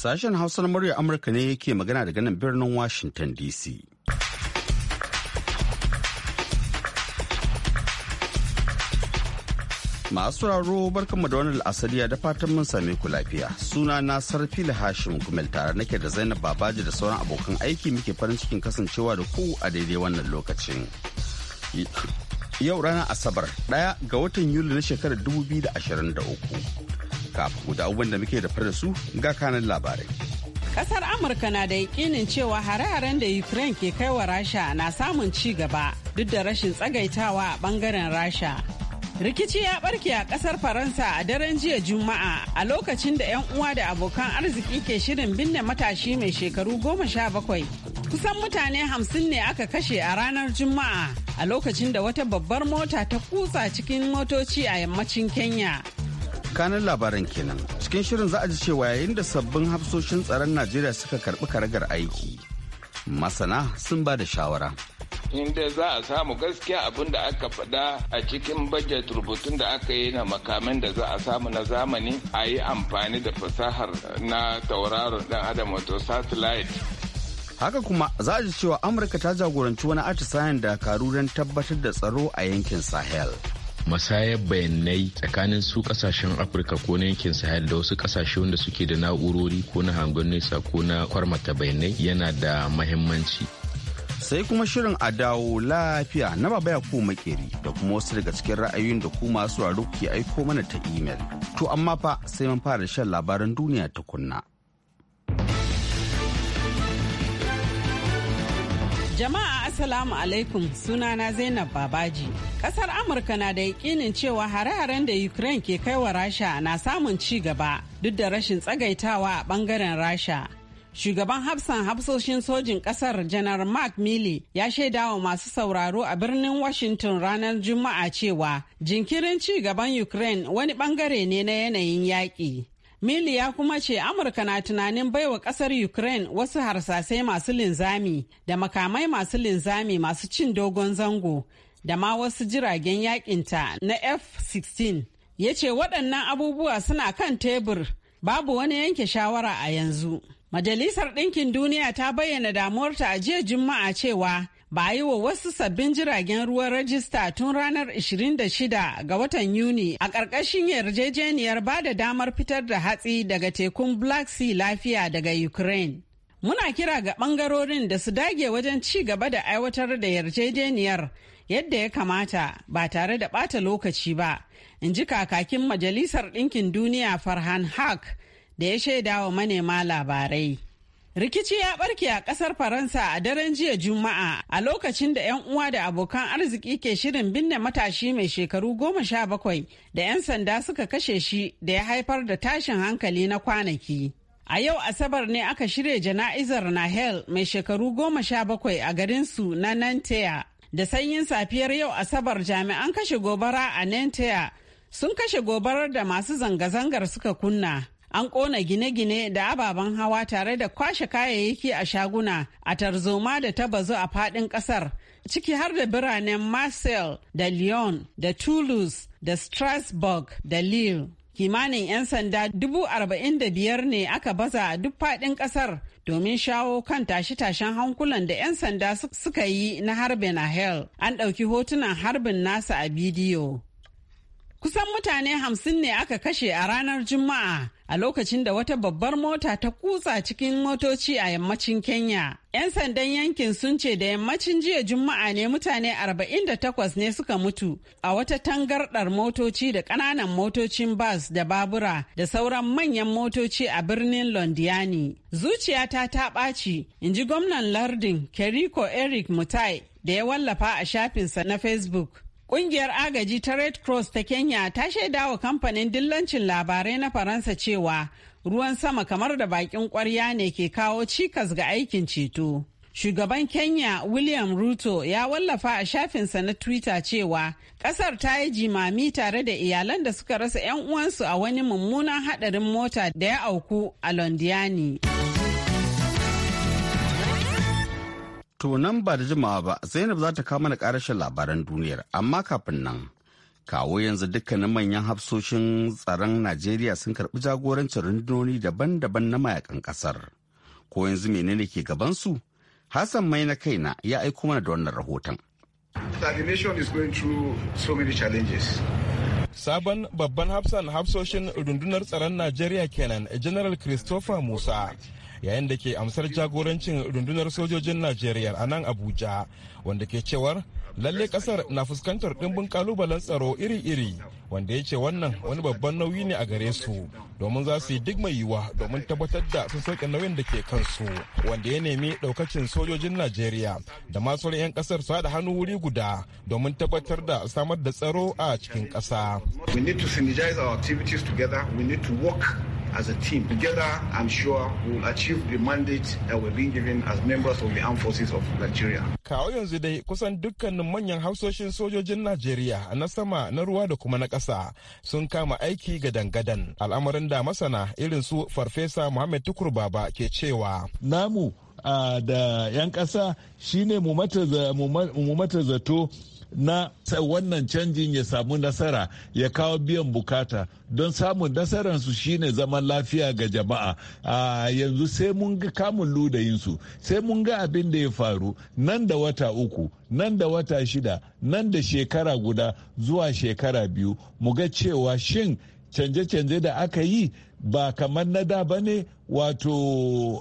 Sashen Hausa na murya Amurka ne yake magana daga nan birnin Washington DC. Masu raro barkanmu da wani al'asariya da fatan mun same ku lafiya. Suna na da Hashim Gumel tare nake da Zainab Babaji da sauran abokan aiki muke farin cikin kasancewa da ku a daidai wannan lokacin. Yau ranar Asabar ɗaya ga watan Yuli na shekarar 2023. kafin guda abubuwan da muke da da su ga kanan labarai. Kasar Amurka na da yakinin cewa hare-haren da Ukraine ke kai wa Rasha na samun ci gaba duk da rashin tsagaitawa a bangaren Rasha. Rikici ya barke a kasar Faransa a daren jiya Juma'a a lokacin da 'yan uwa da abokan arziki ke shirin binne matashi mai shekaru goma sha bakwai. Kusan mutane hamsin ne aka kashe a ranar Juma'a a lokacin da wata babbar mota ta kutsa cikin motoci a yammacin Kenya. tsakanin labaran kenan cikin shirin za a ji cewa yayin da sabbin hafsoshin tsaron najeriya suka karbi karagar aiki masana sun ba da shawara inda za a samu gaskiya abin da aka faɗa a cikin bajet rubutun da aka yi na makamin da za a samu na zamani a yi amfani da fasahar na tauraron dan adam wato satellite haka kuma za a ji cewa amurka ta jagoranci wani atisayen dakaru don tabbatar da tsaro a yankin sahel musayar bayanai tsakanin su kasashen afirka ko na yankin sahel da wasu kasashe wanda suke da na'urori ko na hangon nesa ko na kwarmata bayanai yana da mahimmanci sai kuma shirin a dawo lafiya na babaya ko makeri da kuma wasu daga cikin ra'ayoyin da ku masu ke aiko mana ta imel to amma fa sai mun fara shan labaran duniya ta kunna. Jama'a Assalamu alaikum sunana Zainab Babaji. Kasar Amurka na da yakinin cewa hare-haren da Ukraine ke kaiwa Rasha na samun ci gaba duk da rashin tsagaitawa a bangaren Rasha. Shugaban hafsan hafsoshin sojin kasar janar Mark Milley ya shaidawa masu sauraro a birnin Washington ranar Juma'a cewa jinkirin ci gaban Ukraine wani bangare ne na yanayin yaƙi. Mili ya kuma ce Amurka na tunanin baiwa kasar Ukraine wasu harsasai masu linzami da makamai masu linzami masu cin dogon zango da ma wasu jiragen yakinta na F-16. Ya ce waɗannan abubuwa suna kan tebur babu wani yanke shawara a yanzu. Majalisar Ɗinkin Duniya ta bayyana damuwarta a jiya Juma'a cewa ba a yi wa wasu sabbin jiragen ruwan rajista tun ranar 26 ga watan Yuni a ƙarƙashin yarjejeniyar ba da damar fitar da hatsi daga tekun Black Sea lafiya daga Ukraine. Muna kira ga ɓangarorin da su dage wajen ci gaba da aiwatar da yarjejeniyar yadda ya kamata ba tare da ɓata lokaci ba, in ji kakakin Majalisar Ɗinkin Duniya Farhan Haq da ya shaidawa manema labarai. Rikici ya barke a kasar Faransa a daren jiya Juma'a a lokacin da 'yan uwa da abokan arziki ke shirin binne matashi mai shekaru goma sha bakwai da 'yan sanda suka kashe shi da ya haifar da tashin hankali na kwanaki. A yau Asabar ne aka shirya jana'izar Nahel mai shekaru goma sha bakwai a garinsu na Nantea. Da sanyin safiyar yau Asabar jami'an kashe gobara a Nantea sun kashe gobarar da masu zanga-zangar suka kunna. an ƙona gine-gine da ababen hawa tare da kwashe kayayyaki a shaguna a tarzoma da ta bazu a faɗin ƙasar ciki har da biranen marcel da lyon da toulouse da strasbourg da lille kimanin 'yan sanda dubu arba'in da biyar ne aka baza a duk faɗin ƙasar domin shawo kan tashe-tashen hankulan da 'yan sanda suka yi na harbin a hell an ɗauki hotunan harbin nasa a bidiyo kusan mutane hamsin ne aka kashe a ranar juma'a a lokacin da wata babbar mota ta kutsa cikin motoci a yammacin Kenya. 'Yan sandan yankin sun ce da yammacin jiya Juma'a ne mutane 48 ne suka mutu a wata tangarɗar motoci da ƙananan motocin bas da babura da sauran manyan motoci a birnin Londiani. Zuciyata ta ɓaci, in ji gwamnan lardin Keriko Eric Mutai da ya wallafa a shafinsa na Facebook. Ƙungiyar agaji ta Red Cross ta Kenya ta shaida wa kamfanin dillancin labarai na Faransa cewa ruwan sama kamar da bakin ƙwarya ne ke kawo cikas ga aikin ceto. Shugaban Kenya William Ruto ya wallafa a shafinsa na Twitter cewa ƙasar ta yi jimami tare da iyalan da suka rasa 'yan uwansu a wani mummunan haɗarin mota da ya auku a Londiani. To nan ba da jimawa ba Zainab za ta kama da karashin labaran duniyar amma kafin nan kawo yanzu dukkanin manyan hafsoshin tsaron Najeriya sun karbi jagorancin rundunoni daban-daban na mayakan ƙasar. Ko yanzu menene ke gaban su Hassan mai na kaina ya aiko mana da wannan rahoton. Sabon babban hafsan hafsoshin rundunar tsaron Najeriya kenan General Christopher Musa yayin da ke amsar jagorancin rundunar sojojin najeriya a nan abuja wanda ke cewar lalle kasar na fuskantar dimbin kalubalen tsaro iri-iri wanda ya ce wannan wani babban nauyi ne a gare su domin za su yi duk mai yiwuwa domin tabbatar da sun sauke nauyin da ke kansu wanda ya nemi daukacin sojojin najeriya da masu 'yan kasar su haɗa hannu wuri guda domin tabbatar da samar da tsaro a cikin ƙasa. we need to synergize our activities together we need to work as a team. Together, I'm sure we'll achieve the mandate that we've been given as members of the armed forces of Nigeria. Kawo yanzu dai kusan dukkanin manyan hausoshin sojojin Najeriya na sama na ruwa da kuma na ƙasa sun kama aiki ga dangadan al'amarin da masana irin su Farfesa Muhammad Tukur Baba ke cewa. Namu ah, da 'yan ƙasa shine mu mata zato na wannan canjin ya samu nasara ya kawo biyan bukata don samun nasararsu shine zaman lafiya ga jama'a a yanzu sai mun ga kamun ludayinsu sai mun ga abin da ya faru nan da wata uku nan da wata shida nan da shekara guda zuwa shekara biyu mu ga cewa shin canje-canje da aka yi ba kamar na da ba ne wato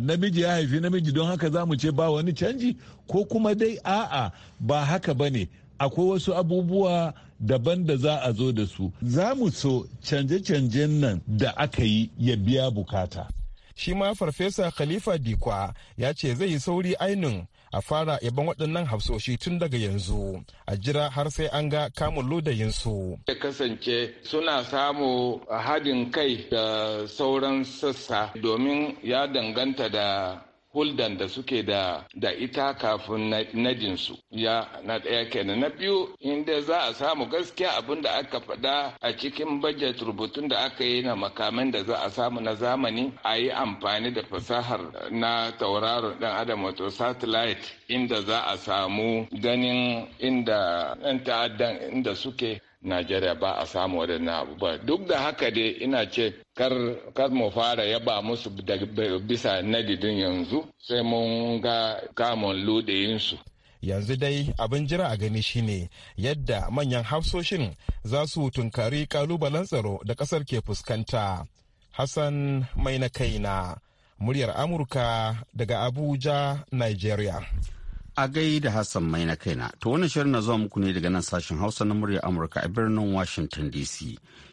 namiji ya haifi namiji don haka za mu ce ba wani canji ko kuma dai a'a ba haka ba ne akwai wasu abubuwa daban da za a zo da su za mu so canje-canjen nan da aka yi ya biya bukata shi ma farfesa khalifa dikwa ya ce zai yi sauri ainin. a fara yaban waɗannan hafsoshi tun daga yanzu a jira har sai an ga kamun lodayinsu. Ya kasance suna samu haɗin kai da sauran sassa domin ya danganta da huldan da suke da ita kafin nadinsu ya na ɗaya kenan na biyu inda za a samu gaskiya abin da aka faɗa a cikin bajet rubutun da aka yi na makaman da za a samu na zamani a yi amfani da fasahar na tauraron ɗan adam wato satellite inda za a samu ganin inda ta'addan inda suke najeriya ba a samu waɗannan abu ba duk da haka dai ina ce kar mu fara yaba musu bisa nadidin yanzu sai mun ga kamun ludayinsu yanzu dai abin jira a gani shine yadda manyan hafsoshin za su tunkari kalubalen tsaro da ƙasar ke fuskanta hassan mai na kaina muryar amurka daga abuja nigeria a gai da Hassan mai na kaina. To wannan shirin na zuwa muku ne daga nan sashen Hausa na murya Amurka a birnin Washington DC.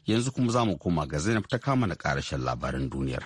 Yanzu kuma za mu koma ga Zainab ta kama na karashen labaran duniyar.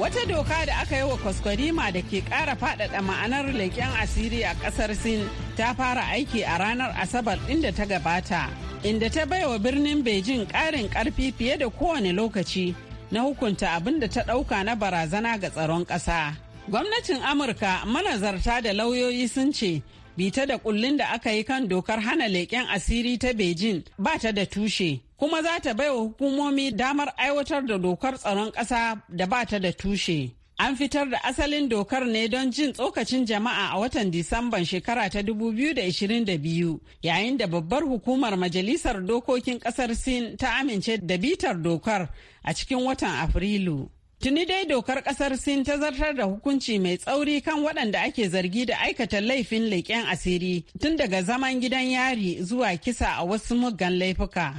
Wata doka da aka yi wa kwaskwarima da ke kara fadada ma'anar leƙen asiri a ƙasar Sin ta fara aiki a ranar Asabar ɗin da ta gabata, inda ta baiwa birnin Beijing ƙarin ƙarfi fiye da kowane lokaci na hukunta abin da ta ɗauka na barazana ga tsaron ƙasa. Gwamnatin Amurka manazarta da lauyoyi sun ce bita da kullun da aka yi kan dokar hana leƙen asiri ta Beijing ba ta da tushe, kuma za ta wa hukumomi damar aiwatar da dokar tsaron ƙasa da ba ta da tushe. An fitar da asalin dokar ne don jin tsokacin jama'a a watan Disamban shekara ta 2022 yayin da babbar hukumar Majalisar Dokokin ƙasar Sin ta amince da bitar dokar a cikin watan Afrilu. Tuni dai dokar kasar Sin ta zartar da hukunci mai tsauri kan waɗanda ake zargi da aikata laifin leƙen asiri tun daga zaman gidan yari zuwa kisa a wasu muggan laifuka.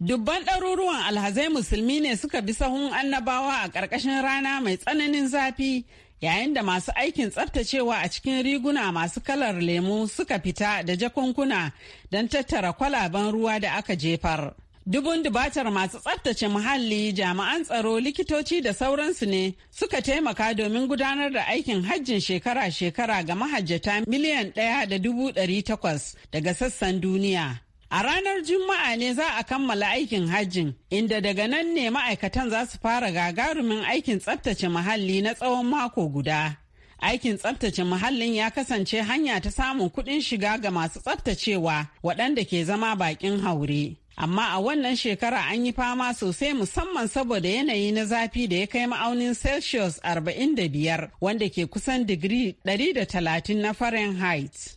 Dubban ɗaruruwan alhazai musulmi ne suka bi sahun annabawa a ƙarƙashin rana mai tsananin zafi yayin da masu aikin tsaftacewa a cikin riguna masu kalar lemu suka fita da jakunkuna don tattara kwalaben ruwa da aka jefar. Dubun dubatar masu tsabtace muhalli, jami'an tsaro, likitoci da sauransu ne suka taimaka domin gudanar da aikin hajjin shekara-shekara ga mahajjata miliyan ɗaya da dubu ɗari takwas daga sassan duniya. A ranar Juma'a ne za a kammala aikin hajjin, inda daga nan ne ma'aikatan za su fara gagarumin aikin tsabtace muhalli na tsawon mako guda. Aikin tsaftace muhallin ya kasance hanya ta samun kuɗin shiga ga masu tsaftacewa waɗanda ke zama baƙin haure. Amma a wannan shekara an yi fama sosai musamman saboda yanayi na zafi da ya kai ma'aunin Celsius 45 wanda ke kusan digiri 130 na Fahrenheit.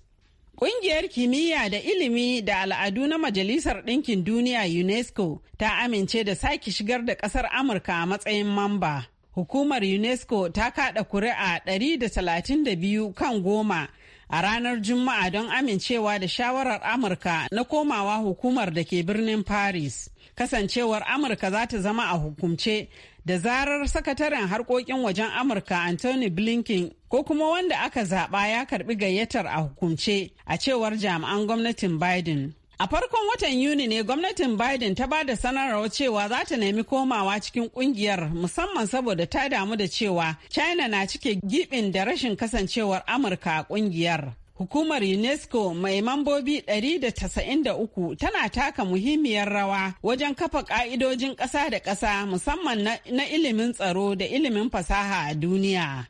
Ƙungiyar kimiyya da ilimi da al'adu na Majalisar Ɗinkin Duniya UNESCO ta amince da sake shigar da ƙasar Amurka a matsayin mamba. hukumar unesco ta kada kuri'a 132 kan goma a ranar juma'a don amincewa da shawarar amurka na komawa hukumar da ke birnin paris kasancewar amurka za ta zama a hukumce da zarar sakataren harkokin wajen amurka anthony blinken ko kuma wanda aka zaba ya karbi gayyatar a hukumce a cewar jami'an gwamnatin biden A farkon watan Yuni ne gwamnatin Biden ta ba da sanarwar cewa za ta nemi komawa cikin kungiyar musamman saboda ta damu da cewa China na cike gibin da rashin kasancewar Amurka a kungiyar. Hukumar UNESCO mai mambobi 193 tana taka muhimmiyar rawa wajen kafa ka'idojin ƙasa da ƙasa musamman na ilimin tsaro da ilimin fasaha a duniya.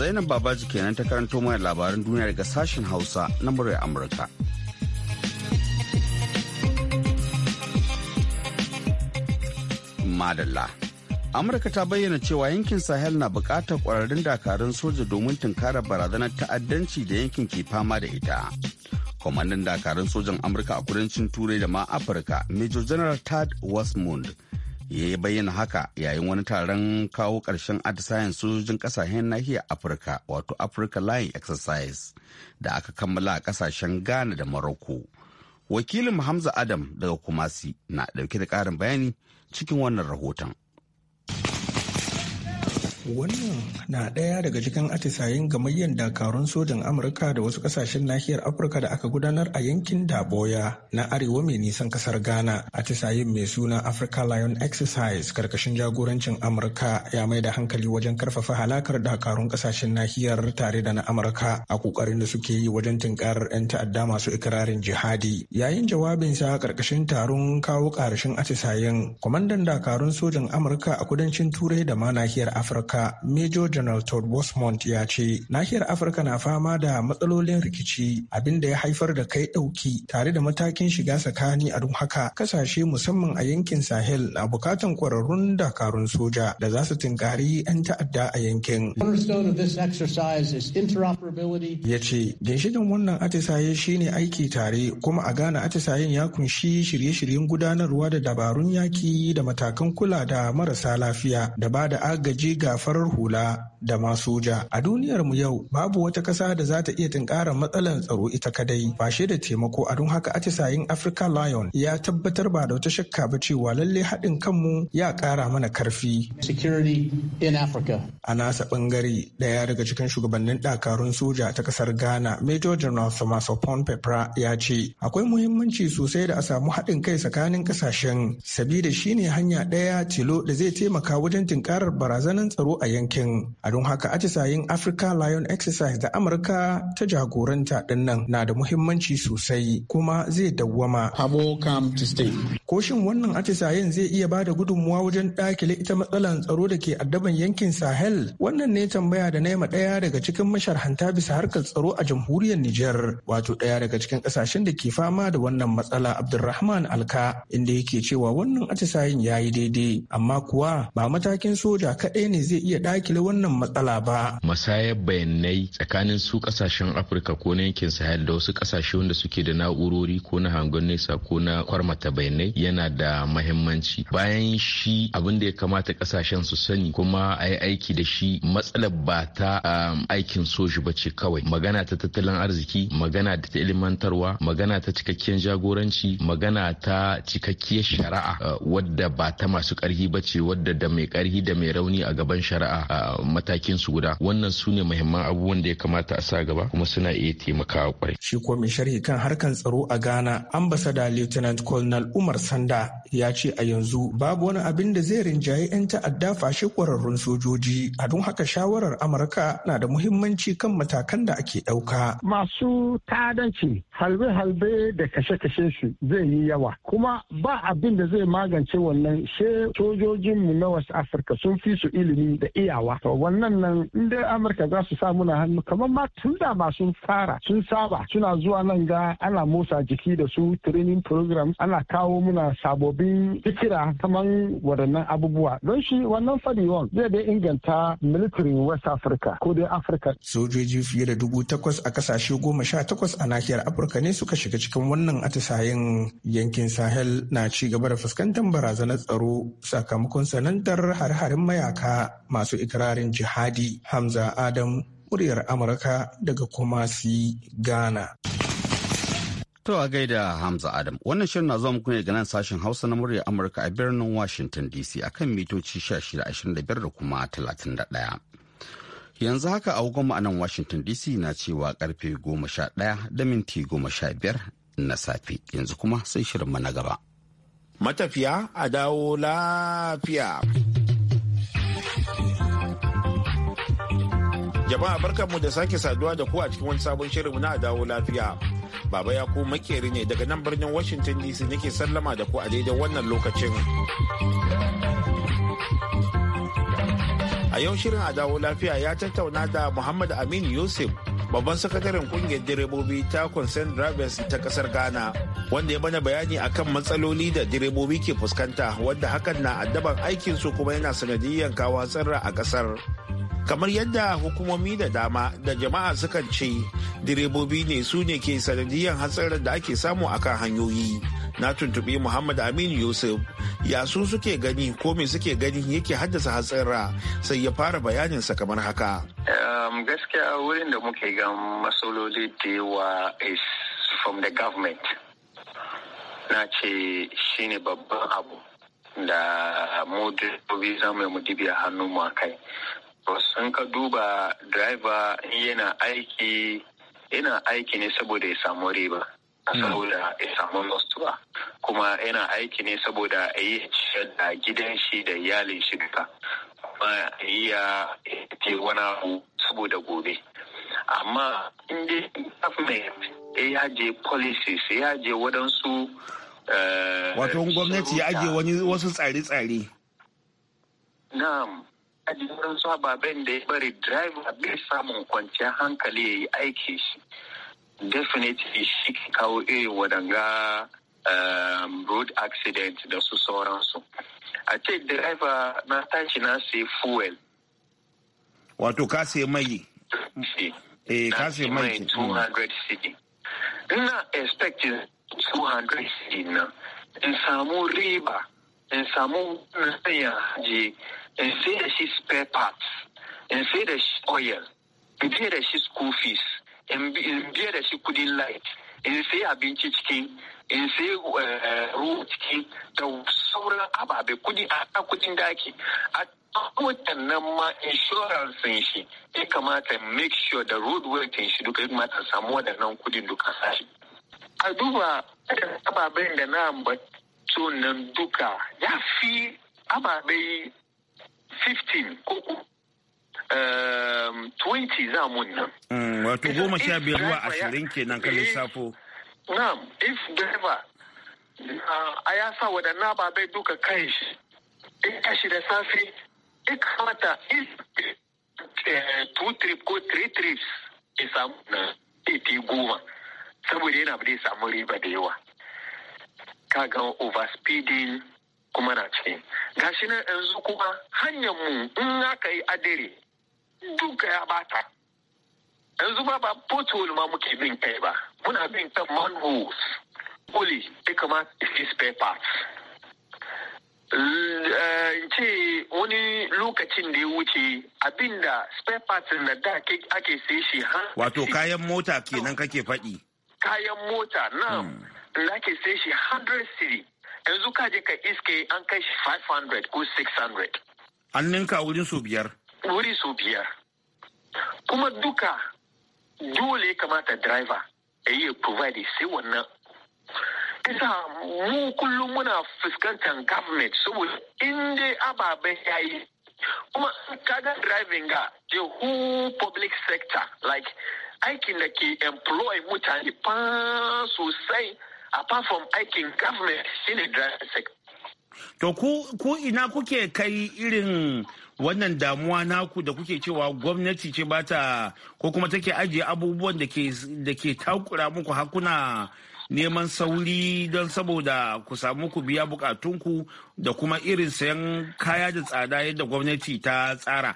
Zainab Babaji kenan ta karanto mana labaran duniya daga sashen Hausa na muryar Amurka. Madalla. Amurka ta bayyana cewa yankin Sahel na bukatar kwararrun dakarun soja domin tunkarar barazanar ta'addanci da yankin ke fama da ita. Kwamandan dakarun sojan Amurka a kudancin Turai da ma Afirka, Major General Tad Westmond ya bayyana haka yayin wani taron kawo ƙarshen atisayen sojojin ƙasashen nahiyar afirka wato africa line exercise da aka kammala a ƙasashen ghana da morocco wakilin hamza adam daga kumasi na ɗauke da ƙarin bayani cikin wannan rahoton wannan na ɗaya daga cikin atisayen gamayyar dakarun sojan amurka da wasu ƙasashen nahiyar afirka da aka gudanar a yankin daboya na arewa mai nisan ƙasar ghana atisayen mai suna africa lion exercise karkashin jagorancin amurka ya mai da hankali wajen karfafa halakar dakarun ƙasashen nahiyar tare da na amurka a ƙoƙarin da suke yi wajen tunkarar 'yan ta'adda masu ikirarin jihadi yayin jawabinsa karkashin taron kawo ƙarshen atisayen kwamandan dakarun sojan amurka a kudancin turai da ma nahiyar afirka amurka major general todd bosmont ya ce nahiyar afirka na fama da matsalolin rikici abin da ya haifar da kai ɗauki tare da matakin shiga tsakani a don haka kasashe musamman a yankin sahel na bukatan kwararrun dakarun soja da za su tunkari 'yan ta'adda a yankin ya ce ginshiƙin wannan atisaye shi ne aiki tare kuma a gane atisayen ya kunshi shirye-shiryen gudanarwa da dabarun yaki da matakan kula da marasa lafiya da ba da agaji ga farar hula da ma soja. A duniyarmu yau babu wata ƙasa da za ta iya tinkara matsalar tsaro ita kadai bashe da taimako a don haka atisayin Africa Lion ya tabbatar ba da wata shakka ba cewa lalle haɗin kanmu ya ƙara mana karfi. Security in Africa. A nasa ɓangare ɗaya daga cikin shugabannin ɗakarun soja ta ƙasar Ghana Major General Opon Pepra ya ce akwai muhimmanci sosai da a samu haɗin kai tsakanin ƙasashen sabida shine hanya ɗaya tilo da zai taimaka wajen tunkarar barazanar tsaro tsaro a yankin a don haka yin africa lion exercise da amurka ta jagoranta dinnan na da muhimmanci sosai kuma zai dawwama ko shin wannan atisayen zai iya ba da gudunmuwa wajen dakile ita matsalan tsaro da ke addaban yankin sahel wannan ne tambaya da naima ɗaya daga cikin masharhanta bisa harkar tsaro a jamhuriyar niger wato ɗaya daga cikin ƙasashen da ke fama da wannan matsala abdulrahman alka inda yake cewa wannan atisayen ya yi daidai amma kuwa ba matakin soja kaɗai ne zai iya dakile wannan matsala ba. Musayar bayanai tsakanin su kasashen Afirka ko na yankin Sahel da wasu kasashe wanda suke da na'urori ko na hangon nesa ko na kwarmata bayanai yana da mahimmanci. Bayan shi abin da ya kamata kasashen su sani kuma a yi aiki da shi matsalar ba ta um, aikin soji ba ce kawai. Magana ta tattalin arziki, magana ta ilimantarwa, magana ta cikakken jagoranci, magana ta cikakkiyar shari'a uh, wadda ba ta masu karhi ba ce wadda da mai ƙarfi da mai rauni a gaban shari'a a matakin su guda wannan su ne muhimman abubuwan da ya kamata a sa gaba kuma suna iya taimakawa kwarai. shi ko mai sharhi kan harkan tsaro a ghana ambasada lieutenant colonel umar sanda ya ce a yanzu babu wani abin da zai rinjaye 'yan ta'adda fashe kwararrun sojoji a don haka shawarar amurka na da muhimmanci kan matakan da ake ɗauka. masu ta'adanci halbe-halbe da kashe-kashe su zai yi yawa kuma ba abin da zai magance wannan she sojojinmu na wasu afirka sun fi su ilimi da iyawa to wannan nan inda amurka za su sa muna hannu kamar ma tun da ma sun fara sun saba suna zuwa nan ga ana motsa jiki da su training program ana kawo muna sabobin fikira kamar waɗannan abubuwa don shi wannan fadi won zai dai inganta military west africa ko dai africa sojoji fiye da dubu takwas a kasashe goma sha takwas a nahiyar afirka ne suka shiga cikin wannan atisayen yankin sahel na ci gaba da fuskantar barazanar tsaro sakamakon sanantar har-harin mayaka masu ikirarin jihadi Hamza Adam muryar Amurka daga Kumasi, Ghana. To a gaida Hamza Adam, wannan shirin na zuwa muku ne daga nan sashen Hausa na muryar Amurka a birnin Washington DC akan mitoci 1625 da kuma 31. Yanzu haka a a nan Washington DC na cewa karfe 11 da minti 15 na safe yanzu kuma sai shirinmu na gaba. Matafiya a dawo lafiya. Jama'a barkanmu da sake saduwa da ku a cikin wani sabon shirin na dawo lafiya. Baba ya ku makeri ne daga nan birnin Washington DC nake sallama da ku a daidai wannan lokacin. A yau shirin a dawo lafiya ya tattauna da Muhammad Amin Yusuf babban sakataren kungiyar direbobi ta concern drivers ta kasar ghana wanda ya bana bayani akan matsaloli da direbobi ke fuskanta wanda hakan na addaban aikinsu kuma yana sanadiyyar kawo hatsarra a kasar kamar yadda hukumomi da dama da jama'a sukan ce direbobi ne su ne ke sanadiyar hatsarin da ake samu akan hanyoyi na tuntubi muhammad aminu yusuf ya su suke gani ko me suke gani yake haddasa hatsara sai ya fara bayaninsa kamar haka gaskiya wurin da muke ga masololi da yawa is from the government na ce shine babban abu da mu direbobi za mu dibiya hannu mu kai Wasan ka duba driver yana aiki yana aiki ne saboda ya samu riba. Hmm. saboda ya samu nostuwa kuma yana aiki ne saboda a yi da gidan shi da iyalin shi duka kuma ya ce wani abu saboda gobe amma inda government ya je policies ya je waɗansu eh, wato gwamnati ya aje wasu tsare-tsare na'am a wurin su ababen da ya bari driver bai samun kwanciyar hankali ya yi aiki shi definitely shi ke kawo irin wadanga um, road accident da su sauransu a ce driver na tashi na sai fuel wato ka sai mai eh ka sai mai 200 cd ina expecting 200 cd na in samu riba in samu nasiya je and say that she's spare parts and say that she's oil and say that she's school fees in biya da shi kudin light and say I've been teaching, and say uh, ruwa cikin the sauran ababe kudi a kudin daki a waɗannan ma insurance shi ya kamata make sure the road work in shi duka ya kamata samu waɗannan kudin duka sashi a duba ababen da na ambato nan duka ya fi ababe 15 ko ku 20 za mun nan. Mm, wato goma sha biyar ashirin kan eh, lissafo. Na'am, if driver a uh, ya sa waɗannan ababai duka kai shi, in tashi da safe, in kamata if eh, two trip ko three trips ya samu na goma, saboda yana da ya samu riba da yawa. Kaga over speeding kuma na ciki gashi nan yanzu kuma hanyar mu in aka yi adere duka ya bata yanzu ba ba potol ma muke bin kai ba muna bin ta manholes kuli ya kamata fi spare parts eh, ce wani lokacin da ya wuce abinda spare parts na da ake sai shi ha wato kayan mota kenan kake faɗi kayan mota hmm. na da ake sai shi 100 city yanzu ka je ka iske an kai shi 500 ko 600 an ninka wurin su biyar wuri su biyar kuma duka dole ya kamata driver ya yi provide sai wannan isa mu kullum muna fuskantar government saboda in dai ababen yi. kuma kaga driving ga the whole public sector like aikin da ke employ mutane fa sosai apart from aikin government shine driving sector To ku ina kuke kai irin wannan damuwa naku da kuke cewa gwamnati ce ba ko kuma take ajiye abubuwan da ke takura muku hakuna neman sauri don saboda ku samu ku biya bukatunku da kuma irin sayan kaya da tsada yadda gwamnati ta tsara.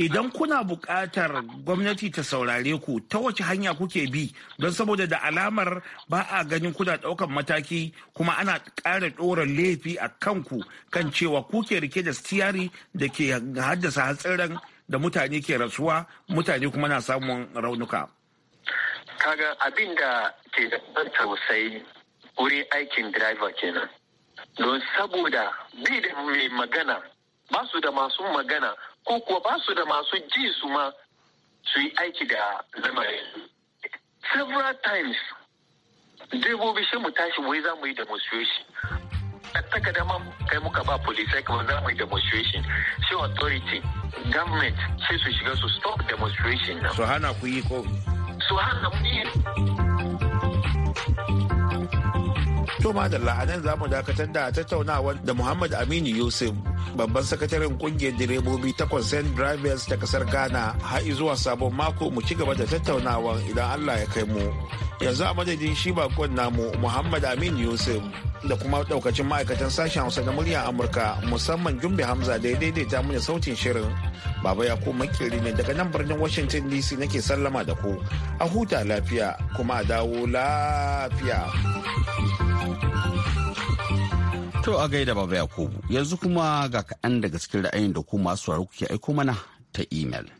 idan kuna buƙatar gwamnati ta saurare ku ta wace hanya kuke bi don saboda da alamar ba a ganin kuna ɗaukan mataki kuma ana ƙara ɗora laifi a kanku kan cewa kuke rike da stiyari da ke haddasa hatsarin da mutane ke rasuwa mutane kuma na samun raunuka. kaga abin da ke da tausayi wurin aikin driver kenan don saboda bi da mai magana ba su da masu magana ko kuwa ba su da masu ji su ma su yi aiki da lamarin. Several times, direbobi shi mu tashi wai za mu yi demonstration. A takada ma kai muka ba polisai kamar za mu yi demonstration. Shi authority, government sai su shiga su stop demonstration na. Su hana ku yi ko? Su hana mu yi. To madalla a nan za mu dakatar da tattaunawar da Muhammad Aminu Yusuf babban sakataren kungiyar direbobi ta Consent Drivers ta kasar Ghana har zuwa sabon mako mu ci gaba da tattaunawar idan Allah ya kai mu. Yanzu a madadin shi bakon namu Muhammad Aminu Yusuf da kuma daukacin ma'aikatan sashen Hausa na muryar Amurka musamman Jumbe Hamza da ya daidaita mini sautin shirin. Baba ya ko makeri ne daga nan birnin Washington DC nake sallama da ku. A huta lafiya kuma a dawo lafiya. To a gaida Baba Yakubu, yanzu kuma ga kaɗan daga cikin ra'ayin da ku masu sauraro kuke aiko mana ta imel.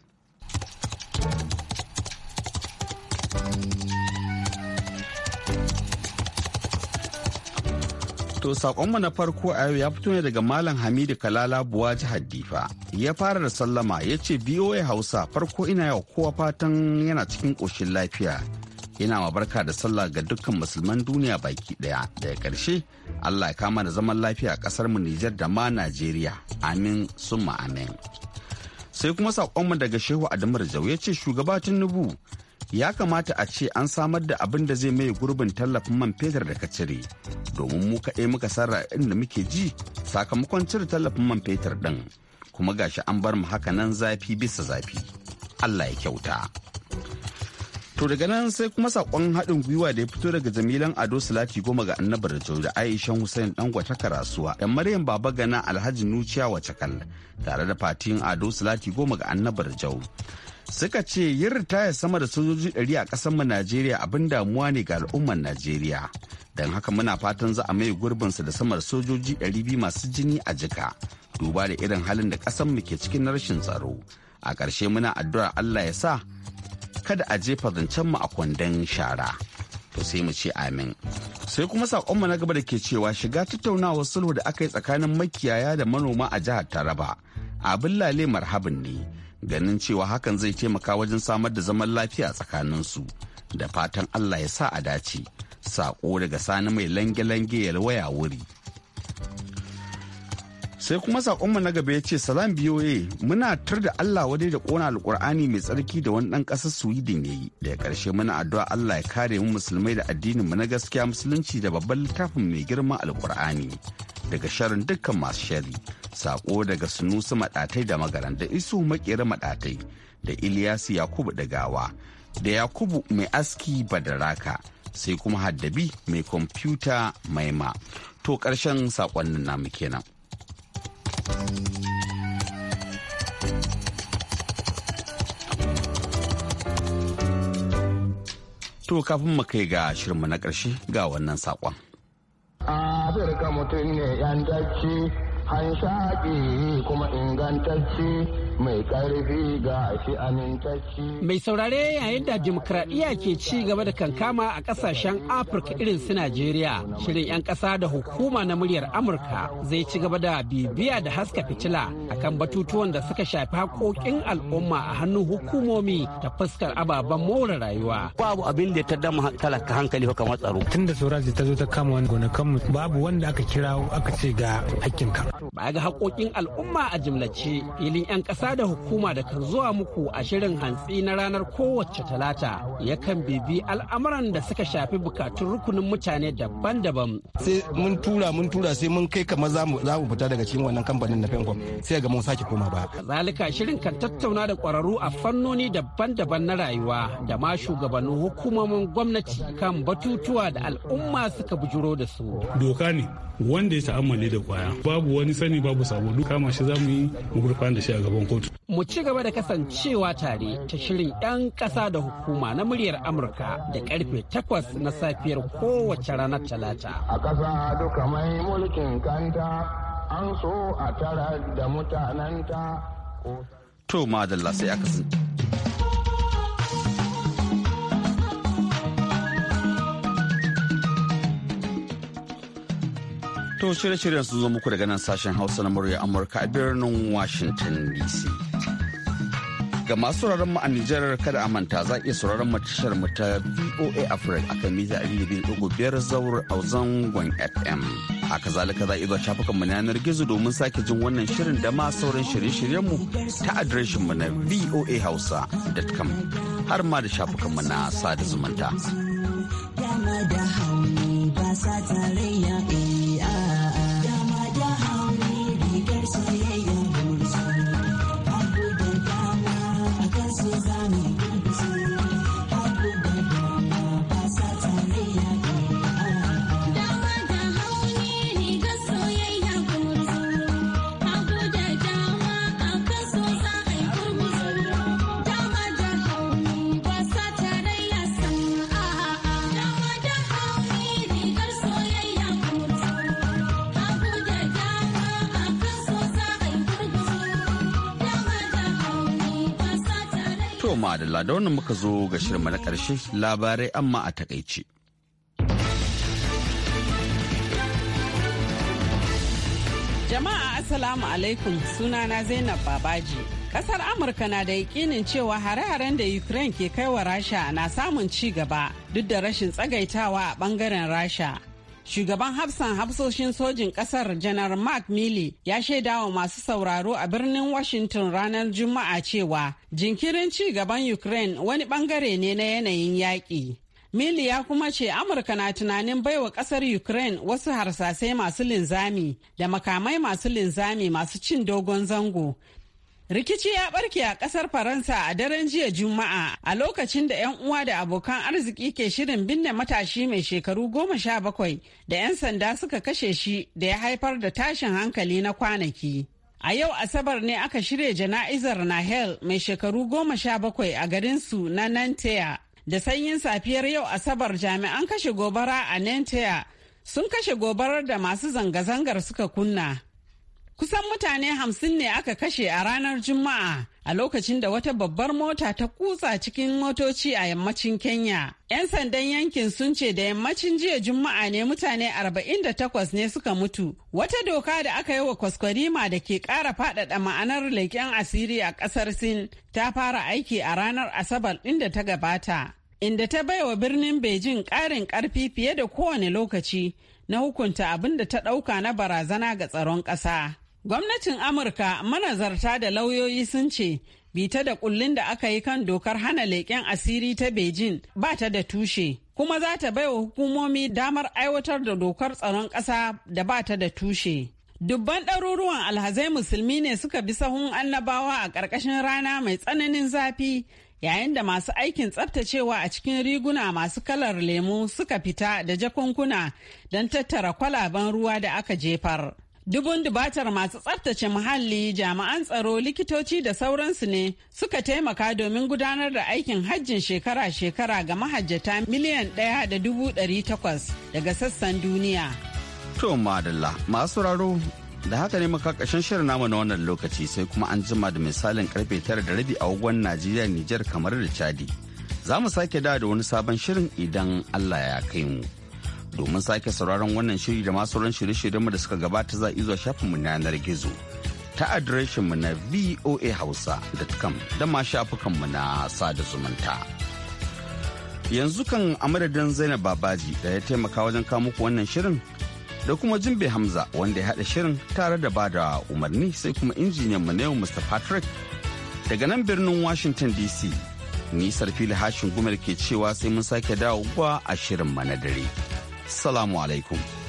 To saƙonmu na farko a yau ya fito ne daga Malam Hamidu Kalala Buwa jihar Difa. Ya fara da sallama ya ce BOA Hausa farko ina yau kowa fatan yana cikin ƙoshin lafiya. yana ma barka da sallah ga dukkan musulman duniya baki daya daga karshe allah ya kama da zaman lafiya a kasar mu nijar da ma najeriya amin summa amin sai kuma saƙonmu daga shehu adamar jau ya ce shugaba tinubu ya kamata a ce an samar da abin da zai maye gurbin tallafin man fetur da ka cire domin mu kaɗai muka sarra inda muke ji sakamakon cire tallafin man fetur ɗin kuma gashi an bar mu haka nan zafi bisa zafi allah ya kyauta To daga nan sai kuma sakon haɗin gwiwa da ya fito daga Jamilan Ado Salati goma ga Annabar da da Aisha Hussein gwata Karasuwa da Maryam Baba Gana Alhaji Nuciya Wacakal tare da Fatin Ado Salati goma ga Annabar Jau. Suka ce yin ritaya sama da sojoji ɗari a ƙasar mu Najeriya abin damuwa ne ga al'ummar Najeriya. Don haka muna fatan za a mai gurbinsa da sama da sojoji ɗari biyu masu jini a jika. Duba da irin halin da ƙasar mu ke cikin rashin tsaro. A ƙarshe muna addu'ar Allah ya sa kada a jefa zancen mu a kwandon shara to sai mu ce amin sai kuma sakonmu na gaba da ke cewa shiga tattaunawar sulhu da aka yi tsakanin makiyaya da manoma a jihar taraba abin lale marhabin ne ganin cewa hakan zai taimaka wajen samar da zaman lafiya tsakanin su da fatan allah ya sa a dace sako daga sani mai lange-lange ya waya wuri sai kuma sakonmu na gaba ya ce salam biyoye muna tur da allah wadai da kona alkur'ani mai tsarki da wani dan kasar sweden ya yi daga karshe muna addu'a allah ya kare mu musulmai da addinin mu na gaskiya musulunci da babban littafin mai girma alkur'ani daga sharin dukkan masu shari sako daga sunusu madatai da magaran da isu makera madatai da ilyasu yakubu dagawa da yakubu mai aski badaraka sai kuma haddabi mai kwamfuta maima to karshen sakonnin namu kenan. To kafin mu kai ga shirinmu na ƙarshe ga wannan saƙon. Afirka mutum ne 'yan hanshaki kuma ingantacce mai ƙarfi ga shi amintacci. Mai saurare yayin da dimokuraɗiyya ke ci gaba da kankama a ƙasashen Afirka irin su Najeriya, shirin 'yan ƙasa da hukuma na muryar Amurka zai ci gaba da bibiya da haska fitila a kan batutuwan da suka shafi haƙoƙin al'umma a hannun hukumomi da fuskar ababen more rayuwa. Babu abin da ta dama talaka hankali ko kamar tsaro. Tun da Suraji ta zo ta kama wani gonakanmu babu wanda aka kira aka ce ga hakkinka. Ba ga haƙoƙin al'umma a jimlace filin 'yan ƙasa da hukuma da kan zuwa muku a shirin hantsi na ranar kowace talata yakan bibi al'amuran da suka shafi bukatun rukunin mutane daban-daban. Sai mun tura mun tura sai mun kai kamar za mu fita daga cikin wannan kamfanin na Fenkom sai ga mun sake koma ba. Zalika shirin kan tattauna da kwararru a fannoni daban-daban na rayuwa da ma shugabannin hukumomin gwamnati kan batutuwa da al'umma suka bujuro da su. Doka ne wanda ya ta'ammali da kwaya babu wani sani babu sabo duka mashi za mu yi mu gurfana da shi a gaban kotu. Mu ci gaba da kasancewa tare ta shirin 'yan ƙasa da hukuma na muryar Amurka da karfe takwas na safiyar kowace ranar Talata. A ƙasa duka mai mulkin kanta an so a tara da mutanenta. To madalla sai aka To shirye-shiryen sun zo muku daga nan sashen Hausa na murya Amurka a birnin Washington DC. Ga masu sauraron mu a Nijar kada a manta za iya sauraron mu tashar mu ta VOA Africa a kan mita biyar zaur a zangon FM. Haka zalika za iya zuwa mu na yanar gizo domin sake jin wannan shirin da ma sauran shirye-shiryen mu ta adireshin mu na voahausa.com har ma da shafukan mu na sada zumunta. Dama da hauni ba sa tarayya eh. To ma'adalla da wannan muka zo ga shirma na ƙarshe labarai amma a takaice. Jama'a Assalamu alaikum sunana Zainab Babaji. Kasar Amurka na da yakinin cewa hare-haren da Ukraine ke kai wa Rasha na samun ci gaba duk da rashin tsagaitawa a bangaren Rasha. Shugaban hafsan hafsoshin sojin ƙasar Janar Mark Milley ya shaidawa masu sauraro a birnin Washington ranar Juma'a cewa jinkirin ci gaban Ukraine wani bangare ne na yanayin yaƙi. Milley ya kuma ce Amurka na tunanin baiwa kasar Ukraine wasu harsasai masu linzami da makamai masu linzami masu cin dogon zango Rikici ya barke a kasar Faransa a daren jiya Juma'a a lokacin da 'yan uwa da abokan arziki ke shirin binne matashi mai shekaru goma sha bakwai da 'yan sanda suka kashe shi da ya haifar da tashin hankali na kwanaki. A yau Asabar ne aka shirya jana'izar Nahel mai shekaru goma sha bakwai a garinsu na Nantea. Da sanyin safiyar yau Asabar jami'an kashe gobara a Nantea sun kashe gobarar da masu zanga-zangar suka kunna. Kusan mutane hamsin ne aka kashe a ranar Juma'a a lokacin da wata babbar mota ta kutsa cikin motoci a yammacin Kenya. 'Yan sandan yankin sun ce da yammacin jiya Juma'a ne mutane 48 ne suka mutu. Wata doka da aka yi wa kwaskwarima da ke ƙara faɗaɗa ma'anar leƙen asiri a ƙasar Sin ta fara aiki a ranar Asabar ɗin da ta gabata. Inda ta baiwa birnin Beijing ƙarin ƙarfi fiye da kowane lokaci na hukunta abin da ta ɗauka na barazana ga tsaron ƙasa. Gwamnatin Amurka manazarta da lauyoyi sun ce bita da kullun da aka yi kan dokar hana leƙen asiri ta Beijing ba ta da tushe, kuma za ta baiwa hukumomi damar aiwatar da dokar tsaron ƙasa da ba ta da tushe. Dubban ɗaruruwan alhazai musulmi ne suka bi sahun annabawa a ƙarƙashin rana mai tsananin zafi yayin da masu aikin tsaftacewa a cikin riguna masu kalar lemu suka fita da jakunkuna don tattara kwalaben ruwa da aka jefar. Dubun dubatar masu tsaftace muhalli, jami'an tsaro, likitoci da sauransu ne suka taimaka domin gudanar da aikin hajjin shekara-shekara ga mahajjata miliyan ɗaya da dubu ɗari takwas daga sassan duniya. To madalla masu raro da haka ne muka ƙarshen shirin namu na wannan lokaci sai kuma an jima da misalin karfe tara da rabi a wagon Najeriya Nijar kamar da Chadi. Za mu sake da wani sabon shirin idan Allah ya kai mu. Domin sake sauraron wannan shiri da masu ran shirye-shiryenmu da suka gabata za a zuwa shafinmu na yanar gizo. Ta mu na voa hausa da ma shafukanmu na sada zumunta. Yanzu kan a madadin Zainab Babaji da ya taimaka wajen kawo muku wannan shirin da kuma jimbe hamza wanda ya haɗa shirin tare da ba da umarni sai kuma injiniyan mu na yau mr patrick daga nan birnin washington dc nisar fili hashin gumar ke cewa sai mun sake dawo dawowa a shirin mana dare Salamu alaikum.